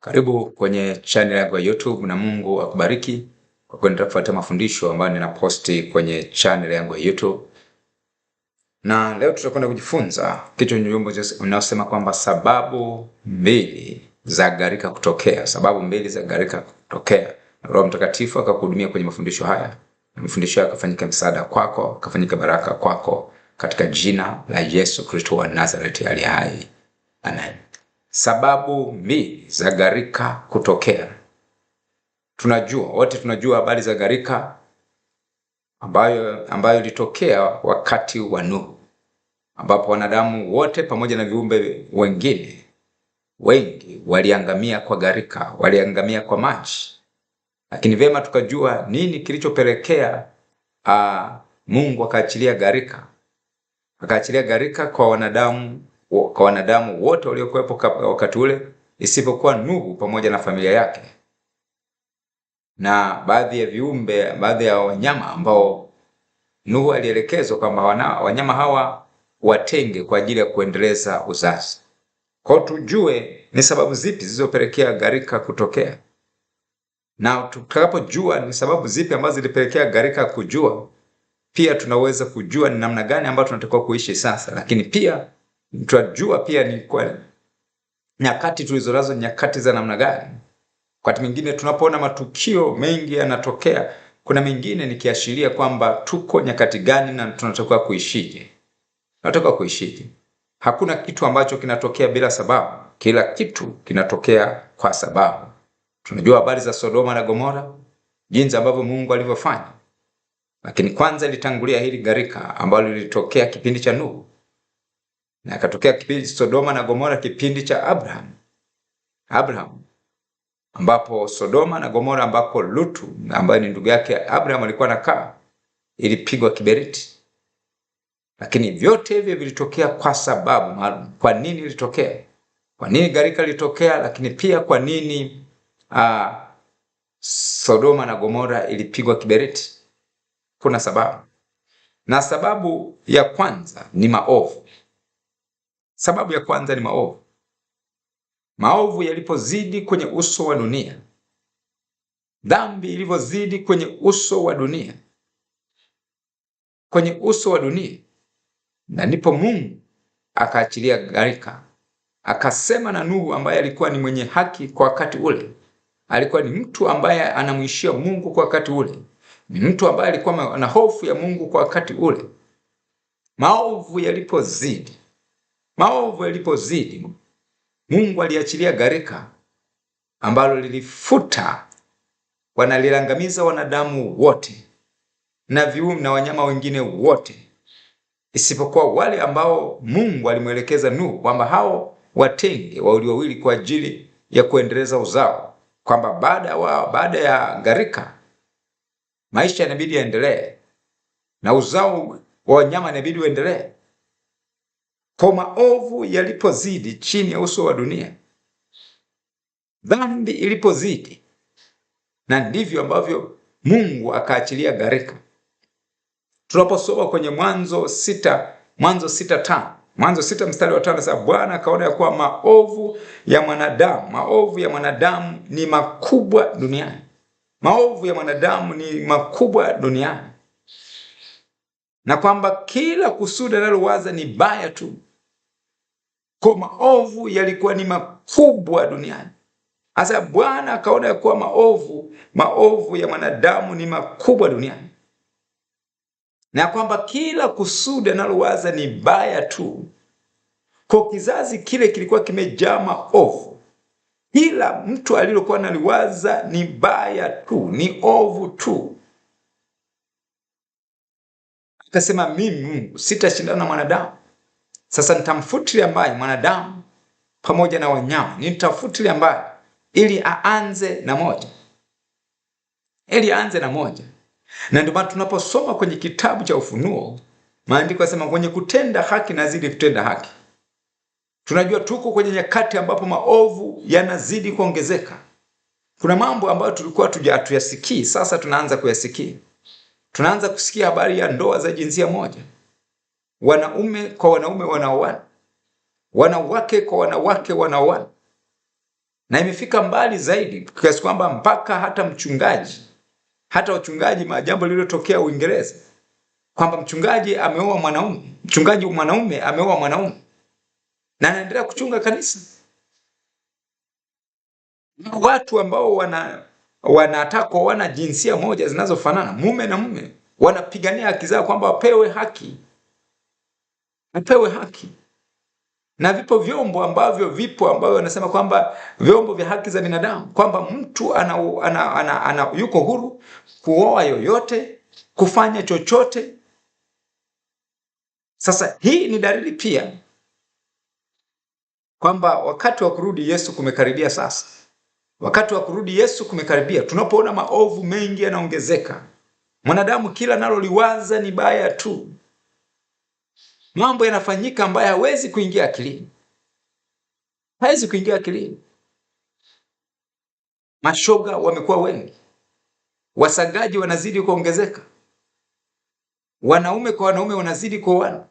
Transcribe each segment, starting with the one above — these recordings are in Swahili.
Karibu kwenye channel yangu ya YouTube na Mungu akubariki. Kwa kuendelea kufuata mafundisho ambayo ninaposti kwenye channel yangu ya YouTube, na leo tutakwenda kujifunza kichwa inayosema kwamba sababu mbili za gharika kutokea, sababu mbili za gharika kutokea. Roho Mtakatifu akakuhudumia kwenye mafundisho haya, na mafundisho haya akafanyika msaada kwako, akafanyika baraka kwako, katika jina la Yesu Kristo wa Nazareti aliye hai, amen sababu mbili za gharika kutokea. Tunajua wote tunajua habari za gharika ambayo ambayo ilitokea wakati wa Nuhu, ambapo wanadamu wote pamoja na viumbe wengine wengi waliangamia kwa gharika, waliangamia kwa maji. Lakini vyema tukajua nini kilichopelekea ah, Mungu akaachilia gharika, akaachilia gharika kwa wanadamu kwa wanadamu wote waliokuwepo wakati ule isipokuwa Nuhu pamoja na familia yake na baadhi ya viumbe, baadhi ya wanyama ambao Nuhu alielekezwa kwamba wanyama hawa watenge kwa ajili ya kuendeleza uzazi. Kwa tujue ni sababu zipi zilizopelekea gharika kutokea, na tukapojua ni sababu zipi ambazo zilipelekea gharika kujua, pia tunaweza kujua ni namna gani ambayo tunatakiwa kuishi sasa, lakini pia tunajua pia ni kwa nyakati tulizonazo, nyakati za namna gani. Wakati mwingine tunapoona matukio mengi yanatokea, kuna mengine nikiashiria kwamba tuko nyakati gani na tunatakiwa kuishije, tunatakiwa kuishije. Hakuna kitu ambacho kinatokea bila sababu, kila kitu kinatokea kwa sababu. Tunajua habari za Sodoma na Gomora, jinsi ambavyo Mungu alivyofanya, lakini kwanza ilitangulia hili gharika ambalo lilitokea kipindi cha Nuhu na akatokea kipindi Sodoma na Gomora, kipindi cha Abraham Abraham ambapo Sodoma na Gomora ambako Lutu ambaye ni ndugu yake Abraham alikuwa anakaa ilipigwa kiberiti. Lakini vyote hivyo vilitokea kwa sababu maalum. Kwa nini ilitokea? Kwa nini gharika ilitokea? Lakini pia kwa nini uh, Sodoma na Gomora ilipigwa kiberiti? Kuna sababu, na sababu ya kwanza ni maovu. Sababu ya kwanza ni maovu. Maovu yalipozidi kwenye uso wa dunia, dhambi ilivyozidi kwenye uso wa dunia, kwenye uso wa dunia, na ndipo Mungu akaachilia gharika. Akasema na Nuhu ambaye alikuwa ni mwenye haki kwa wakati ule, alikuwa ni mtu ambaye anamwishia Mungu kwa wakati ule, ni mtu ambaye alikuwa na hofu ya Mungu kwa wakati ule. Maovu yalipozidi Maovu yalipozidi, Mungu aliachilia gharika ambalo lilifuta, wanalilangamiza wanadamu wote na viumbe na wanyama wengine wote, isipokuwa wale ambao Mungu alimwelekeza Nuhu kwamba hao watenge wawili wawili kwa ajili ya kuendeleza uzao, kwamba baada baada ya gharika maisha yanabidi yaendelee na uzao wa wanyama inabidi uendelee. Kwa maovu yalipozidi chini ya uso wa dunia, dhambi ilipozidi, na ndivyo ambavyo Mungu akaachilia gharika. Tunaposoma kwenye Mwanzo sita Mwanzo sita tano Mwanzo sita mstari wa tano sasa, Bwana akaona ya kuwa maovu ya mwanadamu maovu ya mwanadamu ni makubwa duniani, maovu ya mwanadamu ni makubwa duniani, na kwamba kila kusudi analowaza ni baya tu kwa maovu yalikuwa ni makubwa duniani. Hasa Bwana akaona ya kuwa maovu maovu ya mwanadamu ni makubwa duniani na kwamba kila kusudi analowaza ni baya tu. Kwa kizazi kile kilikuwa kimejaa maovu, kila mtu alilokuwa analiwaza ni baya tu, ni ovu tu. Akasema, mimi Mungu sitashindana na mwanadamu sasa nitamfutilia mbali mwanadamu pamoja na wanyama, nitafutilia mbali ili aanze na moja, ili aanze na moja. Na ndio maana tunaposoma kwenye kitabu cha Ufunuo, maandiko yanasema kwenye kutenda haki nazidi kutenda haki. Tunajua tuko kwenye nyakati ambapo maovu yanazidi kuongezeka. Kuna mambo ambayo tulikuwa hatuyasikii, sasa tunaanza kuyasikia. Tunaanza kusikia habari ya ndoa za jinsia moja, wanaume kwa wanaume wanaoana, wanawake kwa wanawake wanaoana, na imefika mbali zaidi kiasi kwamba mpaka hata mchungaji hata wachungaji, majambo lililotokea Uingereza kwamba mchungaji ameoa mwanaume, mchungaji mwanaume ameoa mwanaume na anaendelea kuchunga kanisa. Watu ambao wana wanataka wana jinsia moja zinazofanana, mume na mume, wanapigania haki zao kwamba wapewe haki mpewe haki na vipo vyombo ambavyo vipo ambavyo wanasema kwamba vyombo vya haki za binadamu kwamba mtu ana, ana, ana, ana, yuko huru kuoa yoyote kufanya chochote. Sasa hii ni dalili pia kwamba wakati wa kurudi Yesu kumekaribia. Sasa wakati wa kurudi Yesu kumekaribia, tunapoona maovu mengi yanaongezeka, mwanadamu kila naloliwaza ni baya tu mambo yanafanyika ambayo hawezi kuingia akilini, hawezi kuingia akilini. Mashoga wamekuwa wengi, wasagaji wanazidi kuongezeka, wanaume kwa wanaume wanazidi kuoana,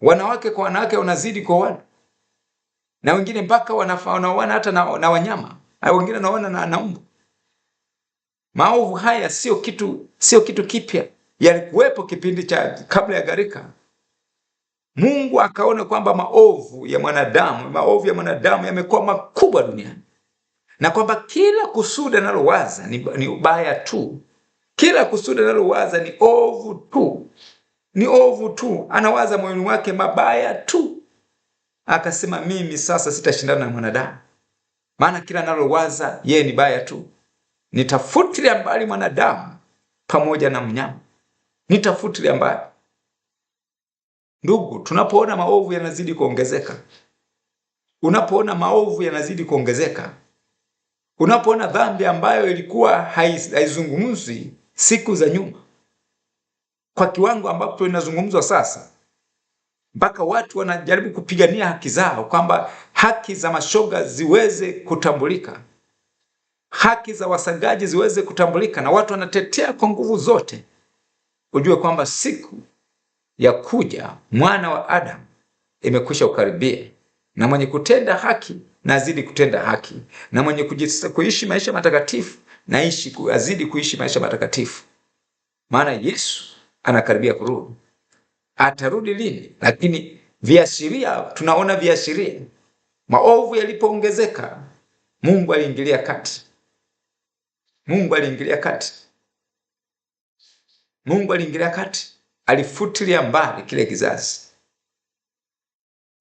wanawake kwa wanawake wanazidi kuoana, na wengine mpaka wanaoana hata na, na wanyama na wengine wanaoana na, na umbu. Maovu haya sio kitu, sio kitu kipya, yalikuwepo kipindi cha kabla ya gharika. Mungu akaona kwamba maovu ya mwanadamu maovu ya mwanadamu yamekuwa makubwa duniani na kwamba kila kusudi analowaza ni, ni ubaya tu, kila kusudi analowaza ni ovu tu, ni ovu tu, anawaza moyoni wake mabaya tu. Akasema, mimi sasa sitashindana na mwanadamu, maana kila analowaza yeye ni baya tu. Nitafutilia mbali mwanadamu pamoja na mnyama, nitafutilia mbali Ndugu, tunapoona maovu yanazidi kuongezeka, unapoona maovu yanazidi kuongezeka, unapoona dhambi ambayo ilikuwa haizungumzwi siku za nyuma kwa kiwango ambapo inazungumzwa sasa, mpaka watu wanajaribu kupigania haki zao, kwamba haki za mashoga ziweze kutambulika, haki za wasagaji ziweze kutambulika, na watu wanatetea kwa nguvu zote. Ujue kwamba siku ya kuja mwana wa Adamu imekwisha ukaribia, na mwenye kutenda haki na azidi kutenda haki, na mwenye kuishi maisha matakatifu na ishi azidi kuishi maisha matakatifu. Maana Yesu anakaribia kurudi. Atarudi lini? Lakini viashiria, tunaona viashiria. Maovu yalipoongezeka, Mungu aliingilia kati. Mungu aliingilia kati. Mungu aliingilia kati alifutilia mbali kile kizazi.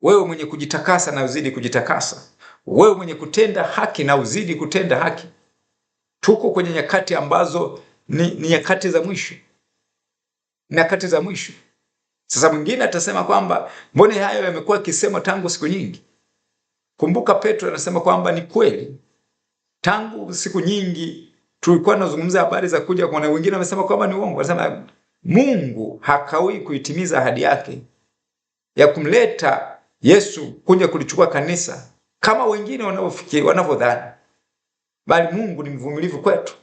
Wewe mwenye kujitakasa na uzidi kujitakasa, wewe mwenye kutenda haki na uzidi kutenda haki. Tuko kwenye nyakati ambazo ni, ni nyakati za mwisho, nyakati za mwisho. Sasa mwingine atasema kwamba mbona hayo yamekuwa akisemwa tangu siku nyingi. Kumbuka Petro anasema kwamba ni kweli tangu siku nyingi tulikuwa tunazungumza habari za kuja, kuna wengine wamesema kwamba ni uongo, wanasema Mungu hakawii kuitimiza ahadi yake ya kumleta Yesu kuja kulichukua kanisa kama wengine wanavyofikiri, wanavyodhani, bali Mungu ni mvumilivu kwetu,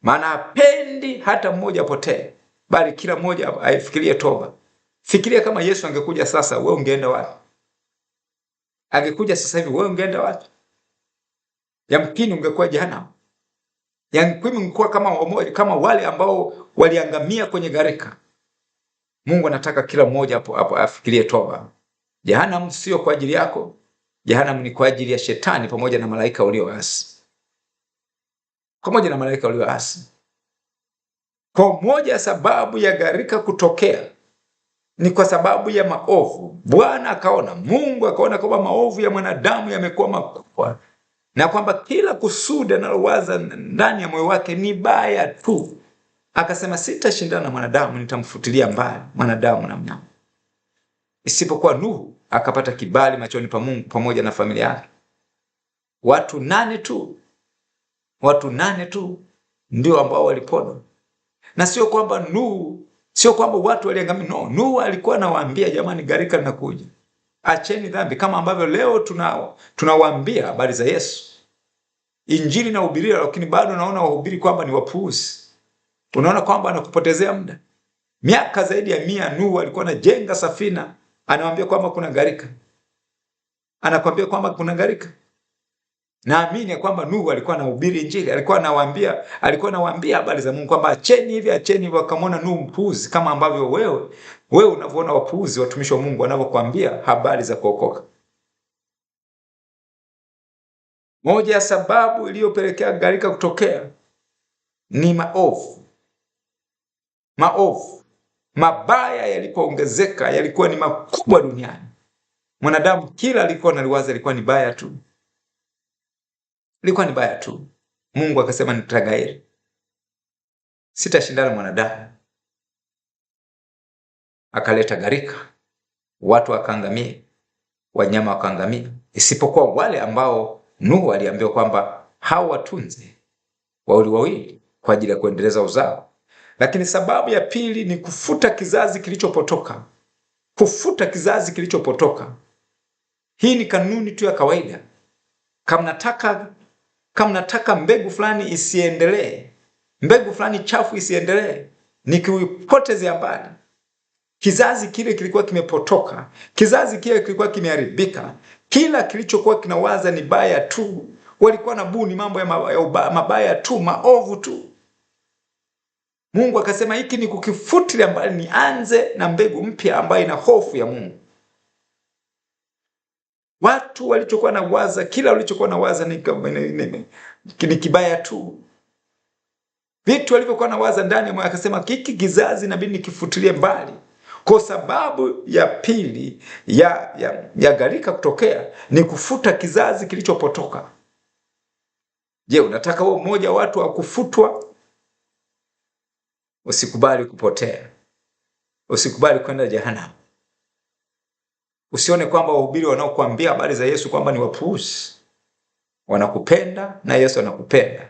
maana hapendi hata mmoja apotee, bali kila mmoja aifikirie toba. Fikiria kama Yesu angekuja sasa, wewe ungeenda wapi? Angekuja sasa hivi, wewe ungeenda wapi? Yamkini ungekuwa jehanamu. Yakimu mlikuwa kama, kama wale ambao waliangamia kwenye gharika. Mungu anataka kila mmoja hapo hapo afikirie toba. Jehanamu sio kwa ajili yako, jehanamu ni kwa ajili ya shetani pamoja na malaika walioasi, pamoja na malaika walioasi. Kwa moja sababu ya gharika kutokea ni kwa sababu ya maovu. Bwana akaona, Mungu akaona kwamba maovu ya mwanadamu yamekuwa makubwa na kwamba kila kusudi analowaza ndani ya moyo wake ni baya tu. Akasema, sitashindana na mwanadamu, nitamfutilia mbali mwanadamu na mnyama. Isipokuwa Nuhu akapata kibali machoni pa Mungu pamoja na familia yake. Watu nane tu, watu nane tu ndio ambao walipona, na sio kwamba Nuhu, sio kwamba watu waliangamia. No, Nuhu alikuwa anawaambia jamani, gharika linakuja acheni dhambi, kama ambavyo leo tunawaambia tuna habari za Yesu. Injili ubiria, lakini bado unaona wahubiri kwamba ni wapuuzi. Unaona kwamba anakupotezea muda. Miaka zaidi ya mia, Nuhu alikuwa anajenga safina, anawambia kwamba kuna gharika, anakwambia kwamba kuna gharika. Naamini ya kwamba Nuhu alikuwa anahubiri Injili, alikuwa anawaambia, alikuwa anawaambia habari za Mungu kwamba acheni hivi, acheni hivi, wakamwona Nuhu mpuuzi kama ambavyo wewe wewe unavyoona wapuuzi watumishi wa Mungu wanavyokuambia habari za kuokoka. Moja ya sababu iliyopelekea gharika kutokea ni maovu. Maovu mabaya yalipoongezeka yalikuwa ni makubwa duniani. Mwanadamu kila alikuwa analiwaza ilikuwa ni baya tu. Ilikuwa ni baya tu. Mungu akasema nitagairi, sitashindana mwanadamu. Akaleta gharika, watu wakaangamia, wanyama wakaangamia, isipokuwa wale ambao Nuhu aliambiwa kwamba hao watunze wawili wawili kwa ajili ya kuendeleza uzao. Lakini sababu ya pili ni kufuta kizazi kilichopotoka, kufuta kizazi kilichopotoka. Hii ni kanuni tu ya kawaida. kamnataka kama nataka mbegu fulani isiendelee, mbegu fulani chafu isiendelee, nikiipoteze habari. Kizazi kile kilikuwa kimepotoka, kizazi kile kilikuwa kimeharibika, kila kilichokuwa kinawaza ni baya tu, walikuwa na buni mambo ya mabaya, mabaya tu, maovu tu. Mungu akasema hiki ni kukifutilia mbali, nianze na mbegu mpya ambayo ina hofu ya Mungu. Watu walichokuwa na waza, kila walichokuwa na waza ni, ni, ni kibaya tu. Vitu walivyokuwa na waza ndani mwa, akasema hiki kizazi nabidi nikifutilie mbali, kwa sababu ya pili ya, ya, ya gharika kutokea ni kufuta kizazi kilichopotoka. Je, unataka huo mmoja watu wa kufutwa? Usikubali kupotea, usikubali kwenda jehanamu. Usione kwamba wahubiri wanaokuambia habari za Yesu kwamba ni wapuuzi. Wanakupenda na Yesu anakupenda.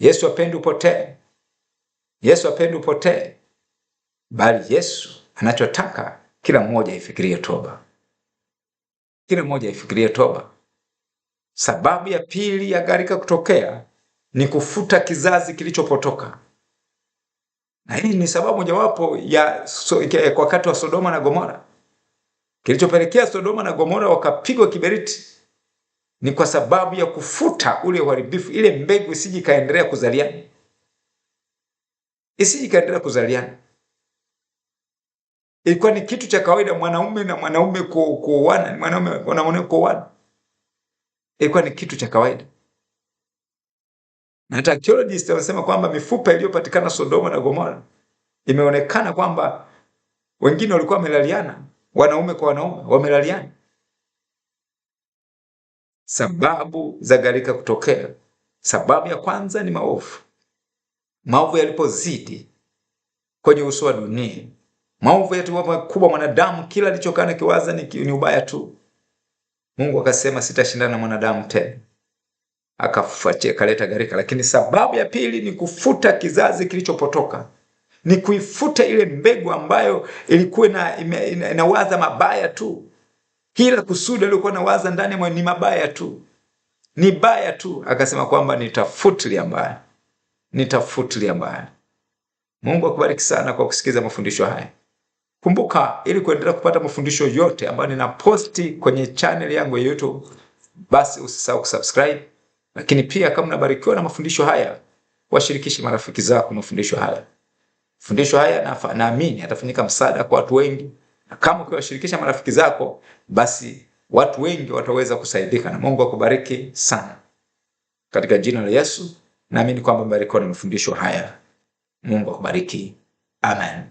Yesu apendi upotee, Yesu apendi upotee, bali Yesu anachotaka kila mmoja aifikirie toba, kila mmoja aifikirie toba. Sababu ya pili ya gharika kutokea ni kufuta kizazi kilichopotoka, na hii ni sababu mojawapo ya wakati wa Sodoma na Gomora. Kilichopelekea Sodoma na Gomora wakapigwa kiberiti ni kwa sababu ya kufuta ule uharibifu, ile mbegu isije ikaendelea kuzaliana, isije ikaendelea kuzaliana. Ilikuwa ni kitu cha kawaida mwanaume na mwanaume kuoana, mwanaume na mwanaume kuoana, ilikuwa ni kitu cha kawaida. Na hata archaeologists wanasema kwamba mifupa iliyopatikana Sodoma na Gomora imeonekana kwamba wengine walikuwa wamelaliana wanaume kwa wanaume wamelaliana. Sababu za gharika kutokea, sababu ya kwanza ni maovu. Maovu yalipozidi kwenye uso wa dunia, maovu yatakuwa makubwa, mwanadamu kila alichokaa na kiwaza ni ubaya tu. Mungu akasema sitashindana na mwanadamu tena, akafuatia kaleta gharika. Lakini sababu ya pili ni kufuta kizazi kilichopotoka ni kuifuta ile mbegu ambayo ilikuwa na inawaza mabaya tu. kila kusudi aliyokuwa nawaza ndani mwa ni mabaya tu, ni baya tu. Akasema kwamba nitafutilia mbaya, nitafutilia mbaya. Mungu akubariki sana kwa kusikiza mafundisho haya. Kumbuka, ili kuendelea kupata mafundisho yote ambayo ninaposti kwenye channel yangu ya YouTube, basi usisahau kusubscribe. Lakini pia kama unabarikiwa na mafundisho haya, washirikishe marafiki zako mafundisho haya. Fundisho haya naamini yatafanyika msaada kwa watu wengi, na kama ukiwashirikisha marafiki zako, basi watu wengi wataweza kusaidika, na Mungu akubariki sana katika jina la Yesu. Naamini kwamba mbarikiwa na mafundisho haya. Mungu akubariki. Amen.